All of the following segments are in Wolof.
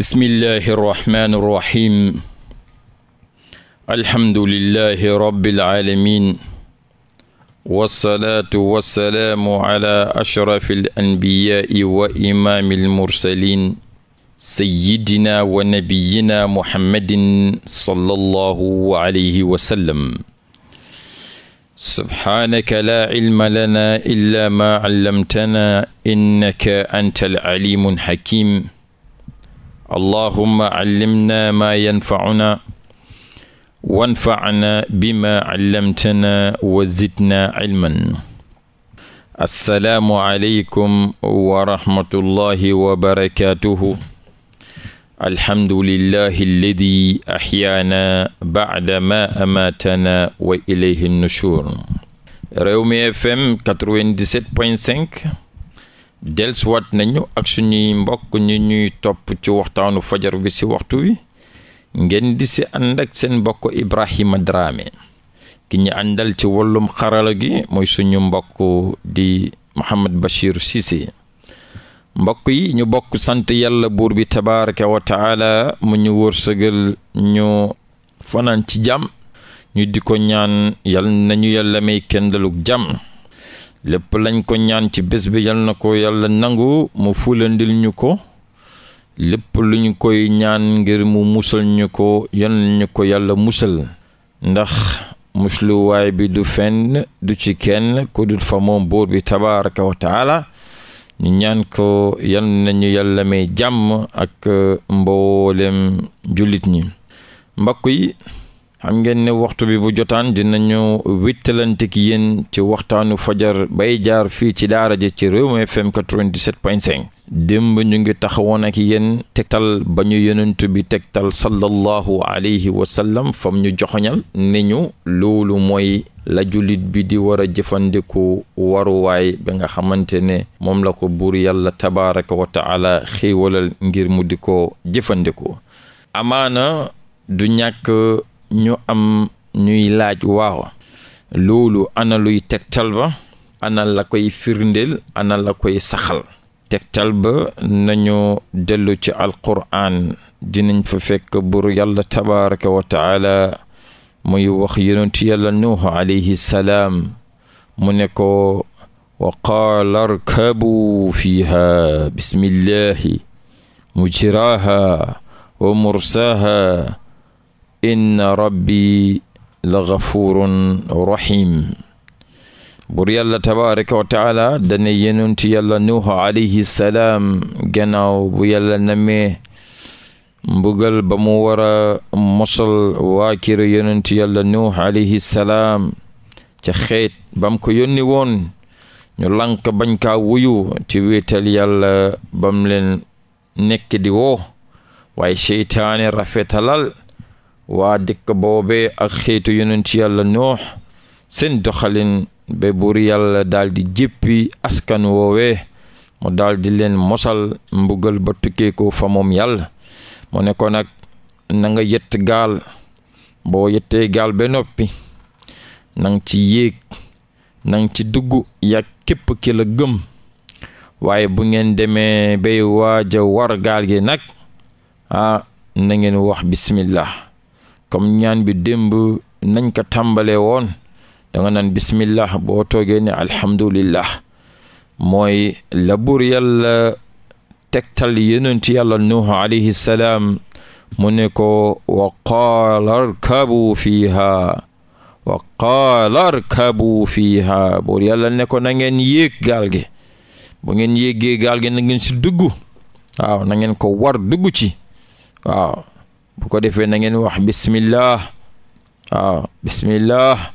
bismillahi irrahmani irrahim alhamdulilahi rabiilalamin walsalaatu walsalaamu ala ashrafi alanbiyaai wa imaami almursalin sayidina wa nabiyina muhammadin sallallahu alayhi wa sallam subhaanaka laa cilma lanaa illaa maa callamtanaa innaka anta alcalimu alxakim allahumma callimna maa yanfacunaa wanfacnaa bimaa callamtanaa wa zidnaa cilman assalaamu aleykum wa rahmatullahi wa barakaatuhu alhamdulillahi alladi axyaana bacda ma amaatana wa ilayhi nushur Rewmi FM 97.5 dellusiwaat nañu ak suñuy mbokk ñu ñuy topp ci waxtaanu fajar bi ci waxtu wi ngeen di si ànd seen mbokk Ibrahima Dramé ki ñu àndal ci wàllum xarala gi mooy suñu mbokk di Mouhamed si si mbokk yi ñu bokk sant yàlla buur bi tabaraka wa taala mu ñu wërsëgal ñu fanaan ci jàmm ñu di ko ñaan yal nañu yàlla may kendaluk jàmm lépp lañ ko ñaan ci bés bi yal na ko yàlla nangu mu fulandil ñu ko lépp luñ koy ñaan ngir mu musal ñu ko yal ko yàlla musal ndax musluwaay bi du fenn du ci kenn ko du fa moom buur bi tabaraka wa taala ñu ñaan ko yal nañu yàlla may jàmm ak mboolem jullit ñi mbokk yi xam ngeen ne waxtu bi bu jotaan dinañu wittalante ki yéen ci waxtaanu fajar bay jaar fii ci daara ji ci Rewmi FM 97.5 démb ñu ngi taxawoon ak yéen tegtal ba ñu yonent bi tegtal sallallahu alayhi wa sallam fam ñu joxoñal ne ñu loolu mooy la jullit bi di war a jëfandiku waruwaay ba nga xamante ne moom la ko buur yàlla tabaraka wa taala ngir mu di ko jëfandiku amaana du ñàkk ñu am ñuy laaj waaw loolu ana luy tegtal ba ana la koy firndel ana la koy saxal tegtal ba nañu dellu ci alquraan dinañ fa fekk bur yàlla tabaraka wa taala muy wax yonentu yàlla nuuh alayhi salaam mu ne ko wa qaala arkabu fiiha bismillahi mujraha wa mursaha inna rabbi la gafurun rahim bur yàlla tabaraka wa taala dane yàlla nuuhu alayhi salaam gannaaw bu yàlla namee mbugal ba mu war a mosal waakir yenentu yàlla nuuhu alayhi salaam ca xeet bam ko yónni woon ñu lànk bañ kaa wuyu ci wéetal yàlla bam leen nekk woo waaye seytaane rafetalal waa dëkk boobee ak xeetu yonent yàlla noox seen doxalin ba buur yàlla daldi di askan woowe mu daldi leen mosal mbugal ba tukkee ko fa moom yàlla mu ne ko nag na nga yett gaal boo yettee gaal ba noppi nang ci yéeg nang ci dugg yaa képp ki la gëm waaye bu ngeen demee bay waaja war gaal gi nag ah na ngeen wax bismillah comme ñaan bi démb nañ ko tàmbalee woon da nga bismillah boo toogee ne alhamdulillah mooy la buur yàlla tegtal yonent yàlla nuuhu alayhi mu ne ko wa qaala arkabu fiiha wa qaala yàlla ne ko na ngeen yéeg gaal gi bu ngeen yéegee gaal gi na ngeen si dugg waaw na ko war dugg ci waaw bu ko defee na ngeen wax bismillah waaw ah, bismillah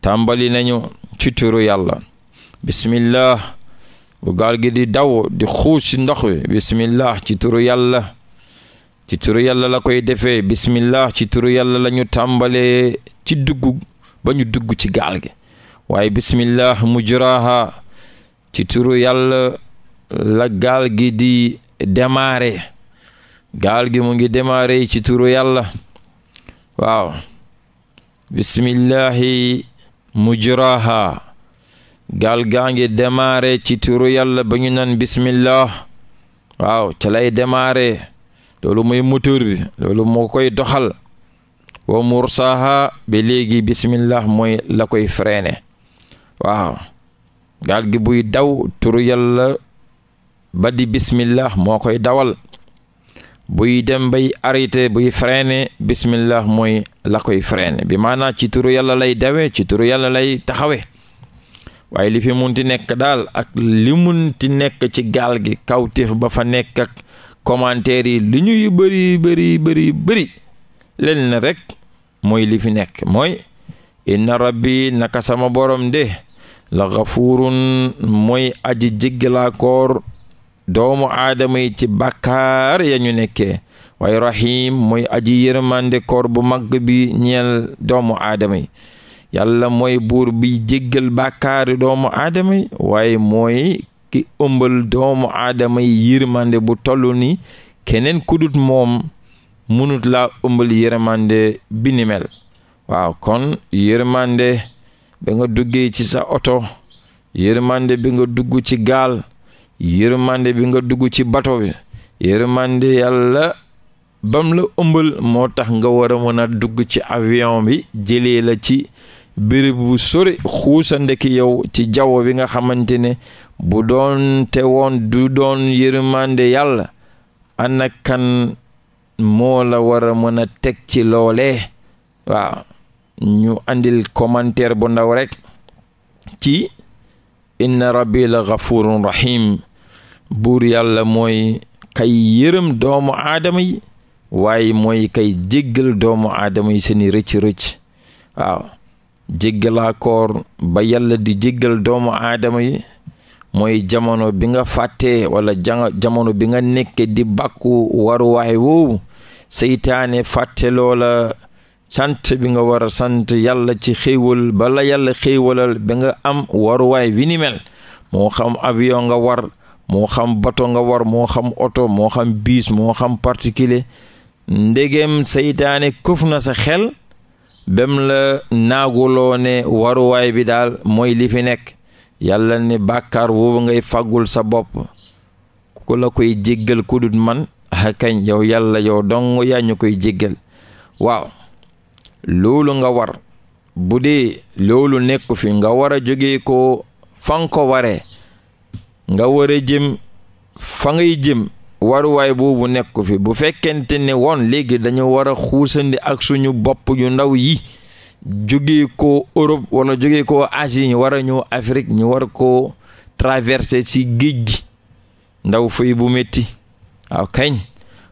tàmbali nañu cituru yàlla bismillah bu gaal gi di daw di xuusi ndox wi bismillah ci turu yàlla ci turu yàlla la koy defe bismillah ci turu yàlla la ñu tàmbalee ci dugg ba ñu dugg ci gaal gi waaye bismillah mujraha ci turu yàlla la gaal gi di démarrer gaal gi mu ngi démarré ci turu yàlla waaw bismillahi mujraha gaal gaa ngi démarré ci turu yàlla ba ñu naan bismillah waaw ca lay démarré loolu mooy moteur loolu moo koy doxal wa mursaha ba léegi bismillah mooy la koy freiné waaw gaal gi buy daw turu yàlla ba di bismillah moo koy dawal buy dem bay arrêté buy freiné bismillah mooy la koy freiné bi maanaa ci turu yàlla lay dawee ci turu yàlla lay taxawe waaye li fi munti nekk daal ak li mun munti nekk ci gaal gi kawtif ba fa nekk ak commentaires yi lu ñuy bëri bëri bëri bëri na rek mooy li fi nekk mooy inna rabbi naka sama borom de la gafuurun mooy aji jéggalaa doomu aadama yi ci bàkkaar ya ñu nekkee waaye rahim mooy aji yërmande koor bu mag bi ñeel doomu aadama yi yàlla mooy buur bi jéggal bàkkaari doomu aadama yi waaye mooy ki ëmbal doomu aadama yi bu toll ni keneen kudut moom munut la ëmbal yërmande bi ni kon yërmande ba nga duggee ci sa oto yërmande bi nga dugg ci gaal yërmande bi nga dugg ci bato bi yërmande yàlla bam la ëmbal moo tax nga war a mën a dugg ci avion bi jëlee la ci béréb bu sori xuusande ki yow ci jaww bi nga xamante ne bu doon te woon du doon yërmande yàlla ana kan moo la war a mën a teg ci loole waaw ñu andil commentaire bu ndaw rek ci inna rabbi la ghafurun buur yàlla mooy kay yërëm doomu aadama yi waaye mooy kay jéggal doomu aadama yi seeni rëcc-rëcc waaw jéggalaa koor ba yàlla di jéggal doomu aadama yi mooy jamono bi nga fàttee wala jamono bi nga nekke di bakku waruwaay woowu seytaane fàtte loola sant bi nga war a sant yàlla ci xéewal bala yàlla xéewalal bi nga am waruwaay wi moo xam avion nga war moo xam bato nga war moo xam oto moo xam biis moo xam particulier ndegem seytaane këf na sa xel bem la naaguloo ne waruwaay bi daal mooy li fi nekk yàlla ne bàkkaar boobu ngay faggul sa bopp ku la koy jéggal ku dut man akañ yow yàlla yow dong yaa ñu koy jéggal waaw loolu nga war bu dee loolu nekku fi nga war a jóge ko fan ko waree nga war a jëm fa ngay jëm waruwaay boobu nekk fi bu fekkente ne woon léegi dañu war a xuusandi ak suñu bopp yu ndaw yi jóge ko Europe wala jóge ko Asie ñu war a ñëw Afrique ñu war ko traverse si géej gi ndaw fay bu metti waaw kañ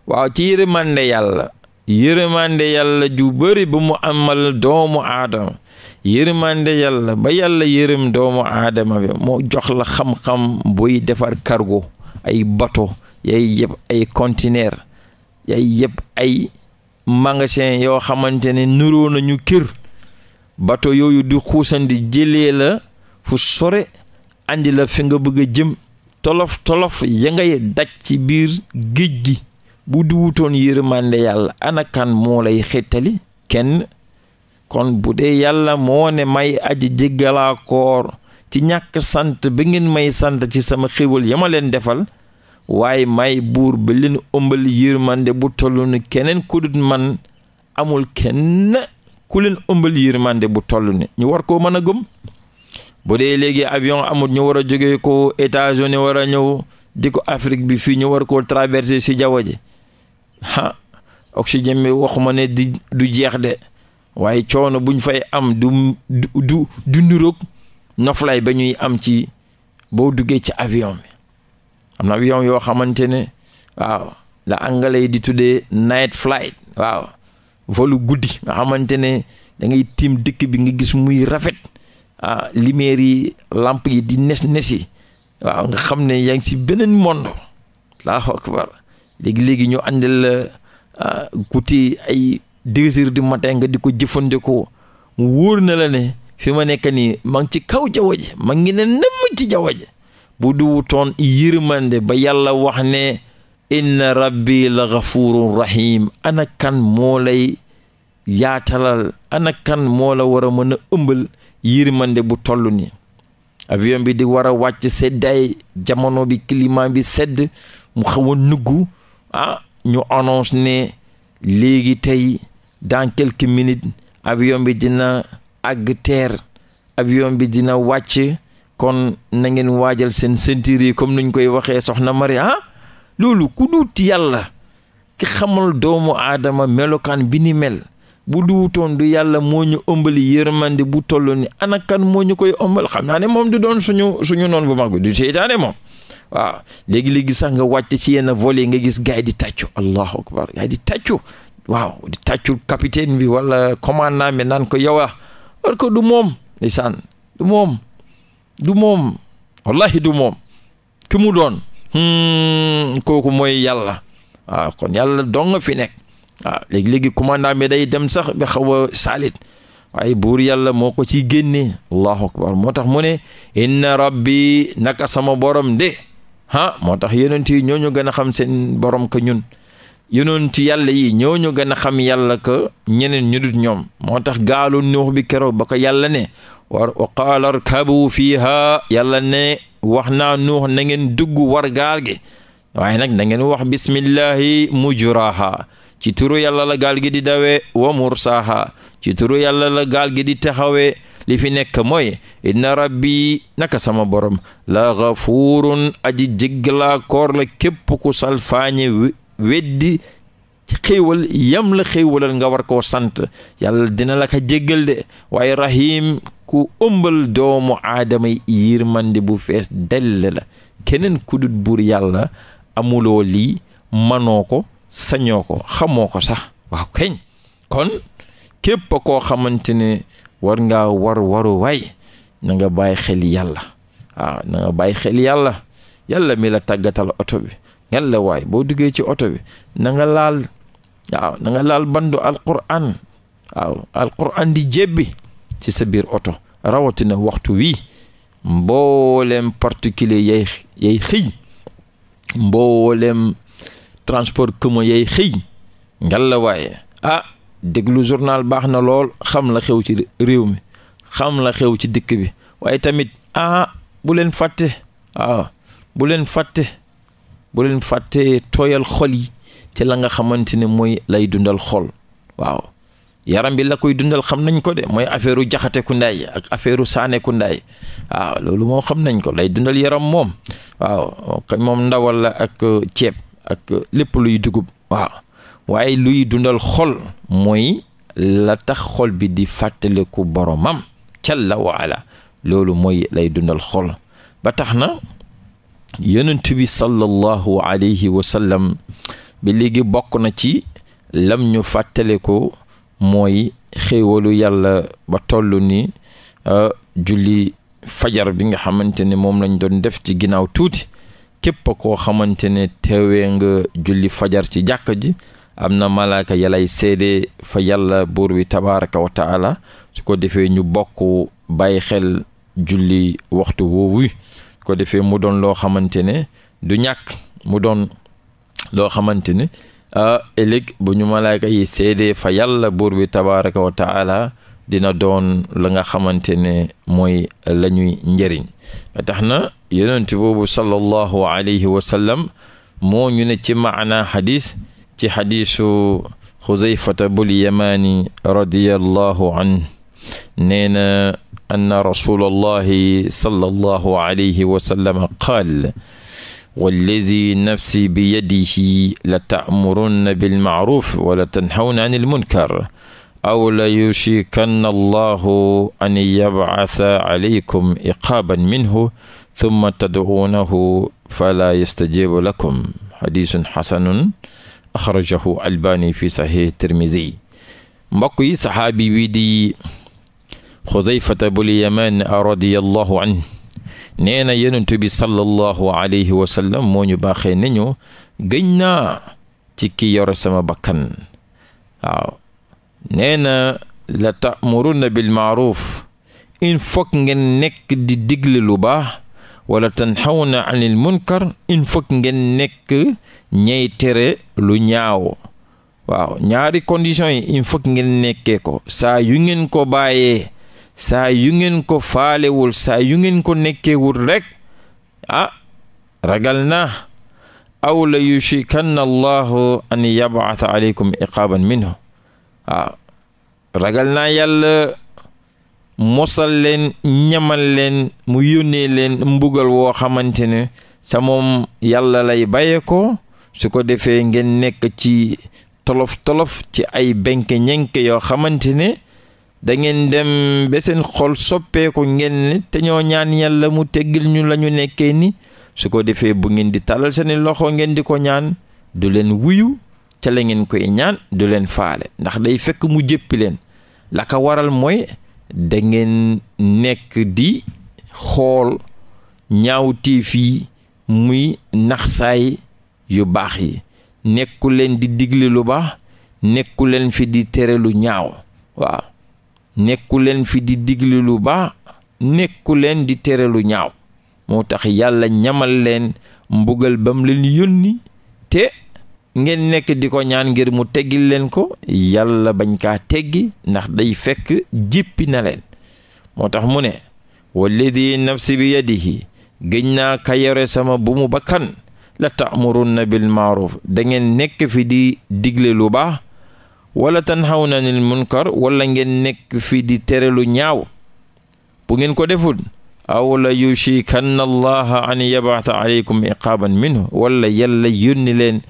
waaw ci yërëmande yàlla yërëmande yàlla ju bari bu mu ammal doomu aadama yërmande yàlla ba yàlla yërëm doomu aadama bi moo jox la xam-xam buy defar kargo ay bato yay yëpp ay conteneur yay yëpp ay magasin yoo xamante ne nuroo nañu kër bateau yooyu di xuusandi jëlee la fu sore andi la fi nga bëgg a jëm tolof tolof ya ngay daj ci biir géej gi bu duwutoon yërmande yàlla ana kan moo lay xettali kenn kon bu dee yàlla moo ne may aji jéggalaa ci ñàkk sant bi ngeen may sant ci sama xéwal ya ma leen defal waaye may buur ba leen ëmbal yërmande bu toll ni keneen ku dut man amul kenn ku leen ëmbal yërmande bu toll ni ñu war koo mën a gëm bu dee léegi avion amul ñu war a jógee ko États-Unis war a ñëw di ko Afrique bi fii ñu war koo traverser si jaww ji ah oxygène bi ma ne di du jeex de waaye coono buñ fay am du du du nuroog noflaay ba ñuy am ci boo duggee ci avion bi am na avion yoo xamante ne waaw la anglais yi di tuddee night flight waaw volu guddi nga xamante ne da tiim dëkk bi nga gis muy rafet ah lumière yi làmp yi di nes nesi waaw nga xam ne yaa ngi ci beneen monde allahu akbar léegi-léegi ñu àndil la ah, guti ay deux heures du nga di ko jëfandikoo mu wóor na fi ma nekk nii mag ci kaw jaww ji ma ngi ne nemm ci jaww ji bu du wutoon yërmande ba yàlla wax ne inna rabbi la gafurun rahim ana moo lay yaatalal ana moo la war a mën a ëmbal yërmande bu toll ni avion bi di war a wàcc seddaay jamono bi climat bi sedd mu xaw nugg ah ñu annonce ne léegi tey dans quelques minutes avion bi dina àgg terre avion bi dina wàcc kon na ngeen waajal seen ceinture yi comme nuñ koy waxee soxna Mari ah loolu ku duuti yàlla ki xamal doomu aadama melokaan bi ni mel bu duutoon du yàlla moo ñu man yërmande bu toll ni anakan moo ñu koy ëmbal xam naa ne moom du doon suñu suñu noon bu mag bi du seytaane moom léegi-léegi sax nga wàcc ci yenn vole yi nga gis gaay di tàccu allahu akbar gaay di waaw di tàccul capitaine bi walla commandant bi naan ko yow a ah, war ko du moom ndeysaan du moom du moom wallahi du moom ki mu doon hmm, kooku mooy yàlla waaw kon yàlla dong fi nekk waaw léegi-léegi commandant bi day dem sax ba xaw a saalit waaye buur yàlla moo ko ci génne allahu akbar moo tax mu ne inna rabbi naka sama borom de ah moo tax yonent yi ñoo ñu gën a xam seen borom ka ñun yonent yàlla yi ñoo ñu gën a xam yàlla ko ñeneen ñu dut ñoom moo tax gaalu nuux bi keroog ba ko yàlla ne war wa qaala arkabu fiiha yàlla ne wax naa nuux nangeen dugg war gaal gi waaye nag na ngeen wax bismillahi mujuraha ci turu yàlla la gaal gi di dawee wa mursaha ci turu yàlla la gaal gi di taxawee li fi nekk mooy inna rabbi naka sama borom la gafuurun aji jéggalaa koor la képp ku salfaañe weddi xéewal yam la xéewalal nga war koo sant yàlla dina la ko jéggal waaye rahim ku ëmbal doomu aadama yërmande bu fees delle la keneen kudut buur yàlla amuloo lii manoo ko sañoo ko xamoo ko sax waaw keñ kon képp koo xamante ne war nga war waru waay na nga bàyyi xel yàlla waaw na nga bàyyi xel yàlla yàlla mi la tàggatal oto bi yàlla waay boo duggee ci oto bi na nga laal waaw na laal bandu alquran waaw alquran di jébbi ci sa biir oto rawatina waxtu wii mbooleem particulier yay yay xëy mbooleem transport commun yay xëy ngalla waaye ah déglu journal baax na lool xam la xew ci réew mi xam la xew ci dikk bi waaye tamit ah bu leen fàtte waaw bu leen fàtte bu leen fàttee tooyal xol yi ci la nga xamante ne mooy lay dundal xol waaw yaram bi la koy dundal xam nañ ko de mooy affaire u jaxateku ndaay ak affaire u saaneku ndaay waaw loolu moom xam nañ ko lay dundal yaram moom moom ndawal ak euh, ceeb ak euh, lépp luy dugub waaye luy dundal xol mooy la tax xol bi di fàttaliku boromam calla wa loolu mooy lay dundal xol ba tax na yonent bi sallallahu alayhi wa sallam ba léegi bokk na ci lam ñu fàttale ko mooy xéewalu yàlla ba toll ni euh, julli fajar bi nga xamante ne moom lañ doon def ci ginnaaw tuuti képp koo xamante ne teewee nga julli fajar ci jàkka ji am na malaaka yalay seede fa yàlla buur bi tabaraka wa su ko defee ñu bokk bàyyi xel julli waxtu woowu ko defee mu doon loo xamante ne du ñakk mu doon loo xamante ne a ëllëg bu ñu malaayka yi seedee fa yàlla buur bi tabaraka wa dina doon la nga xamante ne mooy lañuy ñuy njëriñ tax na yonent boobu sallallahu alayhi wa sallam moo ñu ne ci maana xadis ci xadisu xuzayfata bul yamaani radiallahu an nee anna rasula allahi sala allahu alayhi wasallama qaal wallazi nafsi bi yadihi la taamurunna bilmaaruf wala tanhawna an ilmunkar aw la yushikanna allahu an yabcata alaykum iqaaban minhu thumma tadcuunahu fala yastajibu lakum xadisun xasanun axrajahu albani fi saxix tirmisi mbokk yi saxaabi wi di xudayfata bul yamaan radiyallahu an nee na yenentu bi sallallahu alayhi wa moo ñu baaxee ne ñu gëñ naa ci ki yore sama bakkan waaw nee na la ta'muruna bil ma'ruf in fokk ngeen nekk di digle lu baax wala tanxawna anil munkar in fokk ngeen nekk ñey lu ñaaw waaw ñaari conditions yi in fokk ngeen nekkee ko saa yu ngeen ko bàyyee saa yu ngeen ko faalewul saa yu ngeen ko nekkewul rekk ah ragal naa aw la yushikanna allahu an yabata aleykum iqaaban minhu waaw ah, ragal naa yàlla mosal leen ñamal leen mu yónnee leen mbugal woo xamante ne sa moom yàlla lay bàyyee ko su ko defee ngeen nekk ci tolof tolof ci ay benke ñenke yoo xamante ne da ngeen dem ba seen xool soppeeku ngeen te ñoo ñaan yàlla mu teggil ñu lañu ñu nekkee ni su ko defee bu ngeen di tàllal seeni loxo ngeen di ko ñaan du leen wuyu ca la ngeen koy ñaan du leen faale ndax day fekk mu jëppi leen la waral mooy dangeen nekk di xool ñaawteef yi muy naxsaay yu baax yi nekku leen di digli lu baax nekku leen fi di tere lu ñaaw waaw nekku leen fi di digli lu baax nekku leen di tere ñaaw moo tax yàlla ñamal leen mbugal bam leen yónni te ngeen nekk di ko ñaan ngir mu teggil leen ko yàlla bañ kaa teggi ndax day fekk jippi na leen moo tax mu ne walladi nafsi bi yadihi gëñ naa ka yore sama bu mu bakkan la ta'murunna bil ma'ruf da ngeen nekk fi di digle lu baax wala tanhawna anil munkar walla ngeen nekk fii di tereelu ñaaw bu ngeen ko deful awla la si allaha an yabaata aleykum iqaaban minhu wala yàlla yónni leen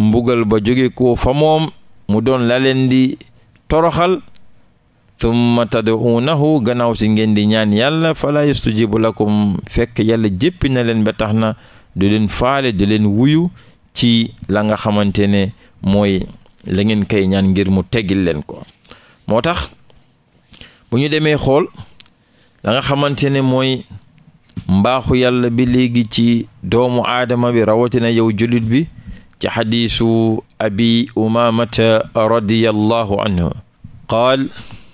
mbugal ba jóge ko fa moom mu doon la leen di toroxal tumma tad'uunahu gannaaw si ngeen di ñaan yàlla fala yastujibu lakum fekk yàlla jéppi na leen ba tax na du leen faale du leen wuyu ci la nga xamante ne mooy la ngeen koy ñaan ngir mu teggil leen ko moo tax bu ñu demee xool la xamante ne mooy mbaaxu yàlla bi léegi ci doomu aadama bi rawatina yow julit bi ci xadiisu abi umaamata radiyallahu anhu qaal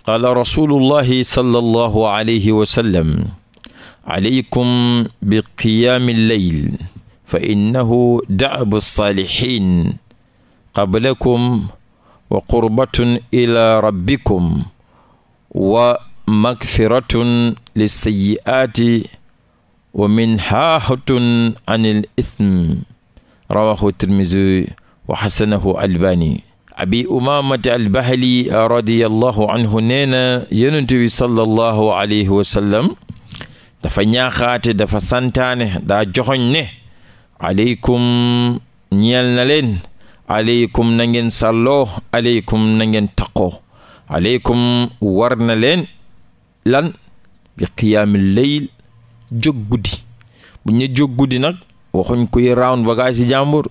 qaala rasulullahi sallallahu alayhi wa sallam bi qiyaami lleyl fa innahu da'bu saalihin qablakum wa qurbatun ila rabbikum wa magfiratun lissayi'aati wa minhahatun anil ism rawahu tirmisi wa xasanahu albani abi umamata albahali radiallahu anhu nee na yonent bi sallallahu alayhi wa sallam dafa ñaaxaate dafa santaane daa joxoñ ne aleykum ñeel na leen aleykum na ngeen sàlloo aleykum na ngeen taqoo aleykum war na leen lan bi qiyaamil leyl jóg bu ñu jóg guddi nag waxuñ kuy round bagage yi jàmbur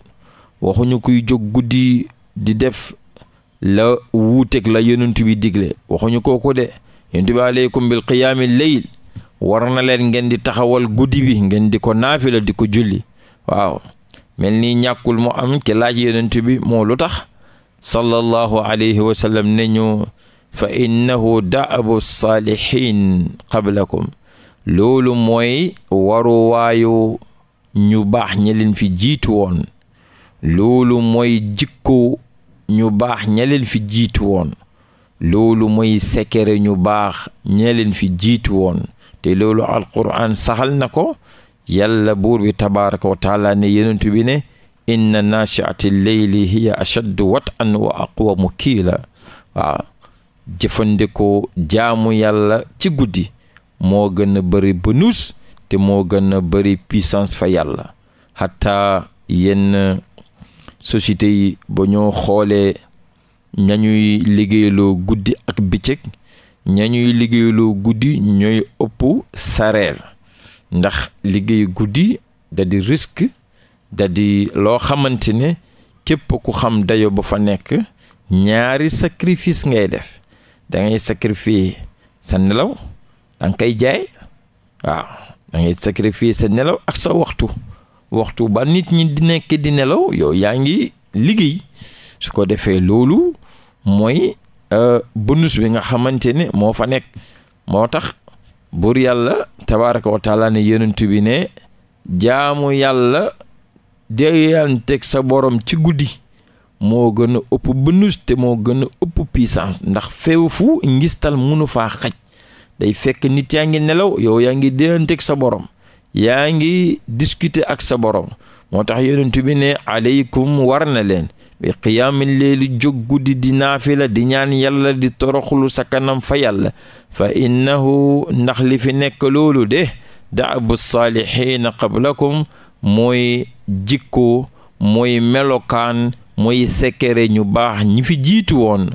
waxuñu kuy jóg guddi di def la wuuteeg la yonent bi digle waxuñu kooku de yonent bi aleykum bil qiyaamil leyl war na leen ngeen di taxawal guddi bi ngeen di ko naafila di ko julli waaw mel ni ñàkkul mu am ci laaj yonent bi moo lu tax sallallahu alayhi wa sallam ne ñu fa innahu daabu saalihin qablakum loolu mooy waruwaayu ñu baax fi jiitu woon ñu baax ña fi jiitu woon loolu mooy sekere ñu baax ña fi jiitu woon te loolu alquran saxal na ko yàlla buur bi tabaraka wa taala ne yenentu bi ne inna nachiati leyli hiya ashaddu wat an wa aqwamu kiila waaw jëfandikoo jaamu yàlla ci guddi moo gën a te moo gën a bëri puissance fa yàlla xataa yenn société yi ba ñoo xoolee ñañuy liggéeyloo guddi ak bëccëg ñañuy liggéeyloo guddi ñooy ëpp sareer ndax liggéey guddi da di risque da loo xamante ne képp ku xam dajo ba fa nekk ñaari sacrifice ngay def da ngay sacrifier sa nelaw danga koy jaay waaw da ngay sacrifier sa nelaw ak sa waxtu waxtu ba nit ñi di nekk di nelaw yow yaa ngi liggéey su ko defee loolu mooy euh, bonus bi nga xamante ne moo fa nekk moo tax buur yàlla tabaaraka wa taala ne yonent bi ne jaamu yàlla déyanteeg sa borom ci guddi moo gën a ëpp bënus te moo gën a ëpp puissance ndax feew fu ngistal mënu faa xaj day fekk nit yaa ngi nelaw yow yaa ngi déyanteeg sa borom yaa ngi discuter ak sa borom moo tax yonent bi ne aleykum war na leen bi qiyaamin leeli jóg guddi di naafila di ñaan yalla di toroxlu sa kanam fa yàlla fa innahu ndax li fi nekk loolu de daabu saalihiina qablakum mooy jikko mooy melokaan mooy sekere ñu baax ñi fi jiitu woon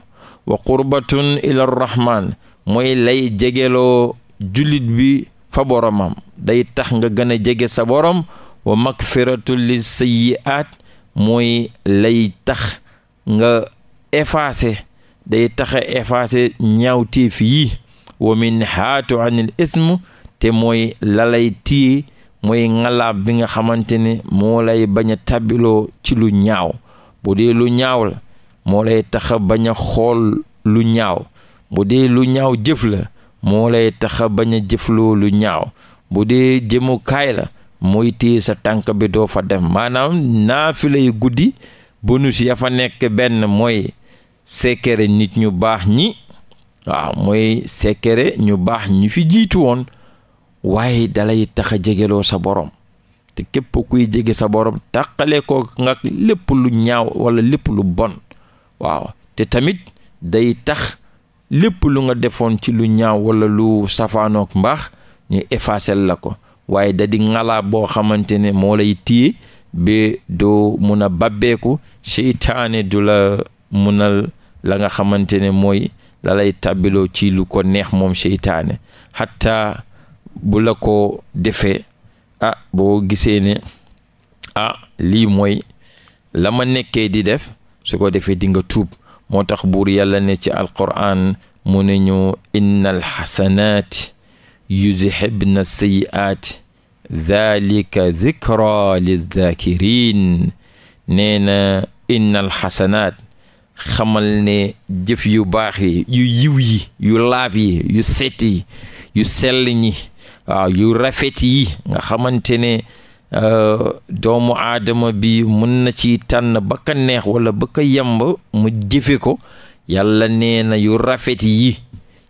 wa qurbatun ila rahman mooy lay jegeloo julit bi fa boromam day tax nga gën a jege sa borom wa magfiratu li sayyi'aat mooy lay tax nga effacer day tax a effacer ñaawteef yi wa min haatu anil ism te mooy lalay tii mooy ngalaab bi nga xamante ne moo lay bañ a tabiloo ci lu ñaaw bu dee lu ñaaw la moo lay tax a bañ a xool lu ñaaw bu dee lu ñaaw jëf la moo lay tax a bañ a jëfloo lu ñaaw bu dee jëmukaay la mooy téye sa tànk bi doo fa dem maanaam naa fi yu guddi bonus ya fa nekk benn mooy sekkere nit ñu baax ñi waaw mooy sekkere ñu baax ñu fi jiitu woon waaye dalay tax a jegeloo sa borom te képp kuy jege sa borom tàqale ko nga lépp lu ñaaw wala lépp lu bon waaw te tamit day tax lépp lu nga defoon ci lu ñaaw wala lu safaanook mbaax ñu effacer la ko waaye da di boo xamante ne moo lay téye ba doo mun a babbeeku seytaane du la munal la nga xamante ne mooy la lay ci lu ko neex moom seytaane xataa bu la ko defee ah boo gisee ne ah lii mooy lama nekkee di def su ko defee dinga nga tuub moo tax buur yàlla ne ci alquran mu ne ñu innal xasanaati na sayiaati dalika dikra lizakirin nee na innal xasanaat xamal ne jëf yu baax yi yu yiw yi yu laab yi yu set yi yu sell ñi yu rafet yi nga xamante ne doomu aadama bi mun na ci tànn ba ka neex wala ba ka yemb mu jëfe ko yàlla nee yu rafet yi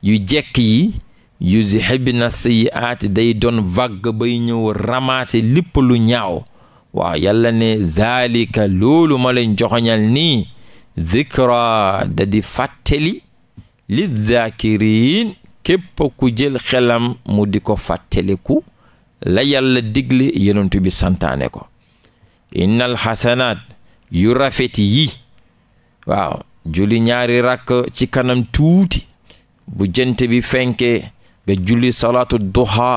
yu jekk yi yuzhibna sayyi'aat day doon vagg bay ñëw ramasser lépp lu ñaaw waaw yàlla ne zaalika loolu ma leen joxoñal nii zikra fatteli di fàtteli li zaakiriin képp ku xelam mu di ko fàtteliku la yàlla digle yonent bi santaane ko innal xasanaat yu rafet yi waaw juli ñaari rakk ci kanam tuuti bu jant bi fenkee nga julli salaatu duha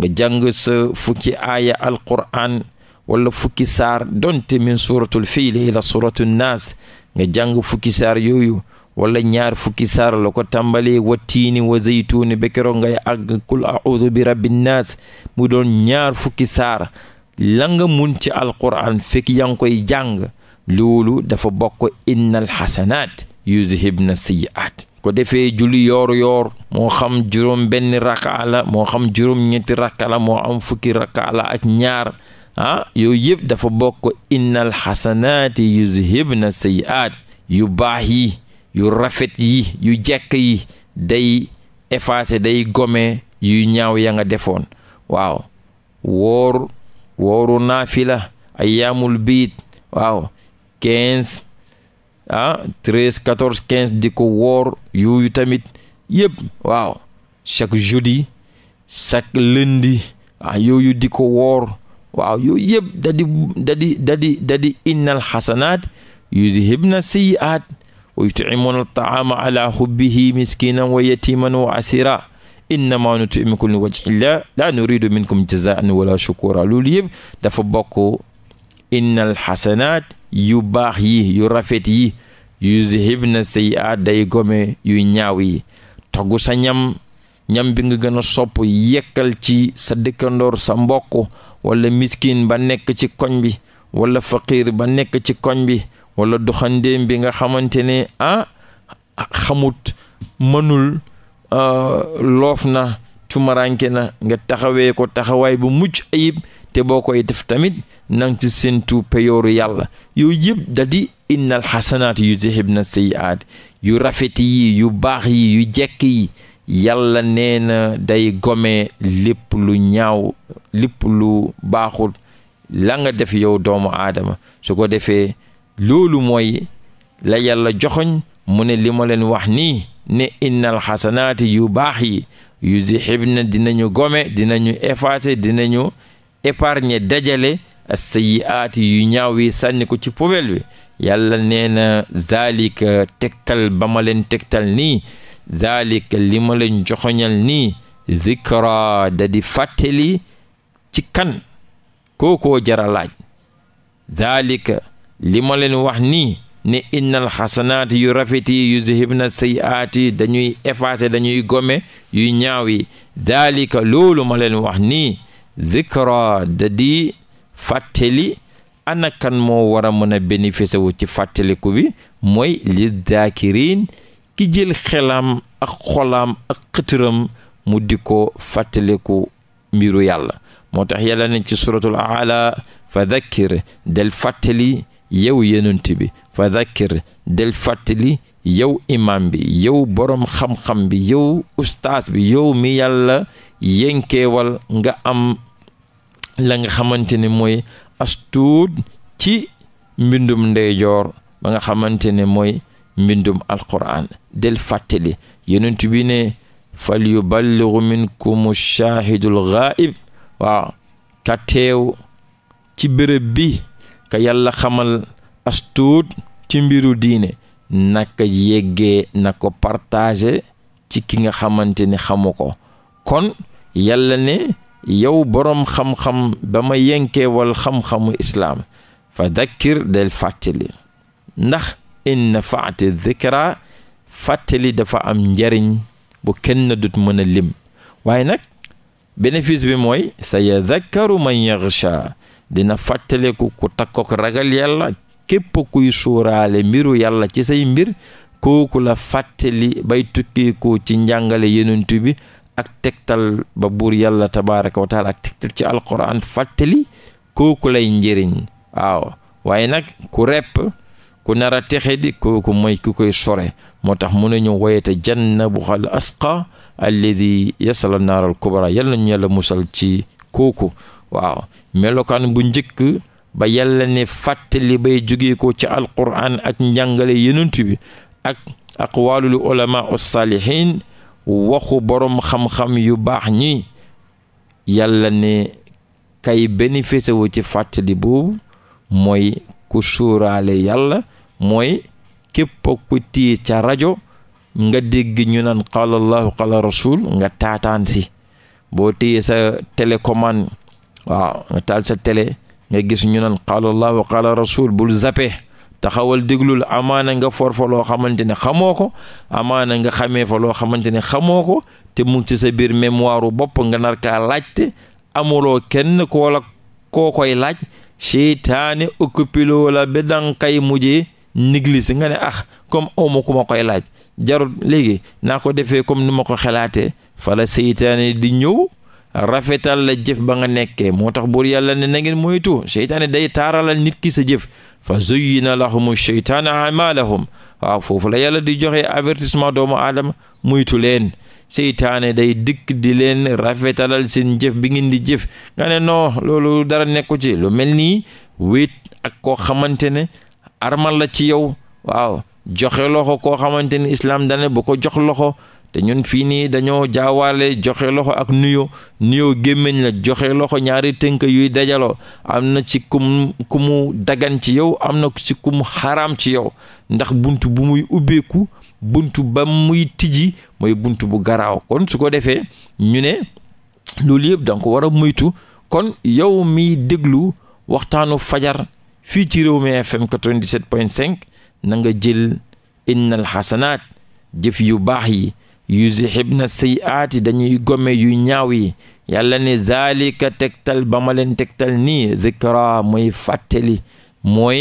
nga jàng sa fukki aaya alquran wala fukki saar donte min suratul fiil ila suratu naas nga jàng fukki saar yooyu wala ñaar fukki saar la ko tàmbalee wa tiini wa zeytuuni ba keroog ngay àgg kul audu bi rabbi naas mu doon ñaar fukki saar la nga mun ci alquran fekk yaa ngi koy jàng loolu dafa bokk innal ko defee julli yoor yoor moo xam juróom benn rakka moo xam juróom ñetti rakka moo am fukki rakka ak ñaar ah yooyu yëpp dafa bokk innal xasanaati yuzhibna yu baax yi yu rafet yi yu jekk yi day effacer day gome yu ñaaw ya nga defoon waaw woor wooru naafila ayyaamul biid waaw quinze ah treize quatorze quinze di ko tamit yëpp waaw chaque jeudi chaque lundi ah yooyu di ko woor waaw yooyu yëpp da di da di da di da di xasanaat yuzhibna sayyi'aat wa yut'imuna hubbihi miskinan wa yatiman wa asira innama nut'imukum li wajhillah la nuridu minkum jazaan wala shukura loolu yëpp dafa bokk innal xasanaat yu baax yi yu rafet yi yuzhibna sayyi'aat day gome yu ñaaw yi togg sa ñam ñam bi nga gën a sopp yekkal ci sa dëkkandoor sa mbokk walla miskin ba nekk ci koñ bi walla faqiir ba nekk ci koñ bi wala doxandéem bi nga xamante ne ah xamut mënul ah, loof na tumaranke na nga taxawee ko taxawaay bu mucc ayib te boo koy def tamit nang ci séentu peyooru yàlla yooyu yëpp da di innal xasanaat yu zihibna sayiaat yu rafet yi yu baax yi yu jekk yi yàlla nee na day gome lépp lu ñaaw lépp lu baaxul la nga def yow doomu aadama su ko defee loolu mooy la yàlla joxoñ mu ne li ma leen wax nii ne innal xasanaati yu baax yi yu zihibna dinañu gome dinañu dina dinañu épargne dajale sayyiaati yu ñaaw yi sànni ko ci powel bi yàlla nee na zaalika euh, tegtal ba nii zaalika li ma joxoñal nii zikra da di ci kan kookoo jaralaaj laaj zaalika li ma leen wax nii ne innal xasanaati yu rafet yi yuzhibna sayiaati dañuy effacer dañuy gome yu ñaaw yi zaalika loolu ma wax nii zikra da di fàttali ana kan moo war a mën a bénéficier wu ci fàttaliku bi mooy li zaakiriin ki jël xelam ak xolam ak xëtëram mu di ko fàttaliku mbiru yàlla moo tax yàlla ne ci suratul ala fa zakkir del fàttali yow yenent bi fa zakkir del fàttali yow imam bi yow boroom xam-xam bi yow ustaas bi yow mi yàlla yenkeewal nga am la nga xamante ne mooy astuud ci mbindum ndeyjoor ba nga xamante ne mooy mbindum alquran del fàttali yonent bi ne fal yuballigu minkum shaahidul ghaib waaw ka teew ci bërëb bi ka yàlla xamal astuud ci mbiru diine naka yeggee na ko partager ci ki nga xamante ne xamu ko kon yàlla ne yow borom xam-xam ba ma yenkeewal xam-xamu islaam fa dakkir del fàttali ndax in nafaati dikra fàttali dafa am njariñ bu kenn du mën a lim waaye nag bénéfice bi mooy sa yadakkaru man yaxsha dina fàttaleku ku takkook ragal yàlla képp kuy suuraale mbiru yàlla ci say mbir kooku la fàttali bay tukki ci njàngale yenentu bi ak tegtal ba buur yàlla tabaraka wa taala ak tegtal ci alquran fàttali kooku lay njëriñ waaw waaye nag ku repp ku nar texe di kooku mooy ku koy sore moo tax mu ne ñu woyete jannabuhal asqa alladi yasala naaral kubra yàlla ñu yàlla musal ci kooku waaw melokaan bu njëkk ba yàlla ne fàttali bay jógee ko ci alquran ak njàngale yenentu bi ak aqwalul ulama as salihin waxu boroom xam-xam yu baax ñi yàlla ne kay bénéficié wu ci fàttali boobu mooy ku suuraale yàlla mooy képp ku téye ca rajo nga dégg ñu naan qaala qaala rasul nga taataan si boo téye sa télécommande waaw nga taal sa tele nga gis ñu naan qaala allahu qaala rasul bul zappe taxawal déglul amaana nga for fa loo xamante ne xamoo ko amaana nga xamee fa loo xamante ne xamoo ko te mu ci sa biir mémoire bopp nga nar kaa laajte amuloo kenn koo la koo koy laaj seytaane occupé loo la ba danga kay mujjee négligé nga ne ah comme awma ku ma koy laaj jarul léegi naa ko defee comme ni ma ko xalaatee fala seytaane di ñëw rafetal la jëf ba nga nekkee moo tax buur yàlla ne na ngeen moytu seytaane day taaralal nit ki sa jëf fa zuyyina lahum sheytaanu amalahum waaw foofu la yàlla di joxe avertissement doomu aadama muytu leen seytaane day dikk di leen rafetalal seen jëf bi ngeen di jëf nga ne non loolu dara nekku ci lu mel nii wéet ak koo xamante ne armal la ci yow waaw joxe loxo koo xamante ne islaam dane bu ko jox loxo te ñun fii nii dañoo jaawaale joxe loxo ak nuyo nuyo gémmiñ la joxe loxo ñaari tënk yuy dajaloo am na ci kum kumu dagan ci yow am na ci kum xaraam ci yow ndax bunt bu muy ubbeeku bunt ba muy tijji mooy bunt bu garaaw kon su ko defee ñu ne loolu yëpp danga ko war a moytu kon yow mi déglu waxtaanu fajar fii ci réew Rewmi FM 97.5 na nga jël innal xasanaat jëf yu baax yi yuzhibna sayyi'aati dañuy gome yu ñaaw yi yàlla ne zaalika tegtal ba ma leen tegtal nii zikra mooy fàttali mooy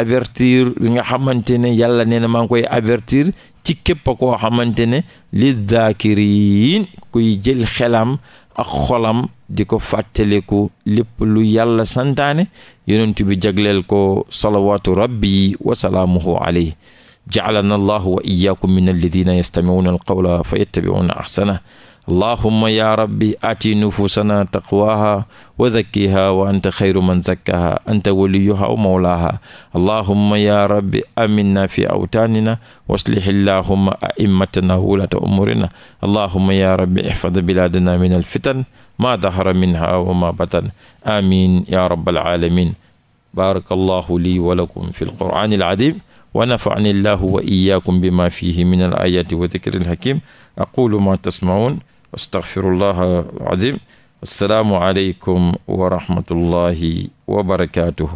avertir li nga xamante ne yàlla nee na maa ngi koy avertir ci képp koo xamante ne li zaakiriin kuy jël xelam ak xolam di ko fàttaliku lépp lu yàlla santaane yonent bi jagleel ko salawaatu rabbi wa salaamuhu alayhi jacalana allahu wa iyaakum min alladina yastamicuuna alqawla fa yattabicuuna axsana allahuma ya rabbi aati nufuusanaa taqwaaha wa zakkiha wa anta xayru man zakkaha anta waliyuha aw mawlaaha allahuma ya rabbi aminna fi awtaanina wa aslih allahuma aimmatana wulaata umurina allahuma ya rabbi ixfad bilaadana min alfitan maa dahara minha wa ma batan amin ya rabbal alamin baaraka allahu lii wa lakum fi alqur'aani alcadiim wa nafani llahu wa iyaakum bima fihi min al ayati wa dikri al hakim aqulu ma tasmaun astaghfirullaha al azim assalaamu aleykum wa rahmatullahi wa barakatuhu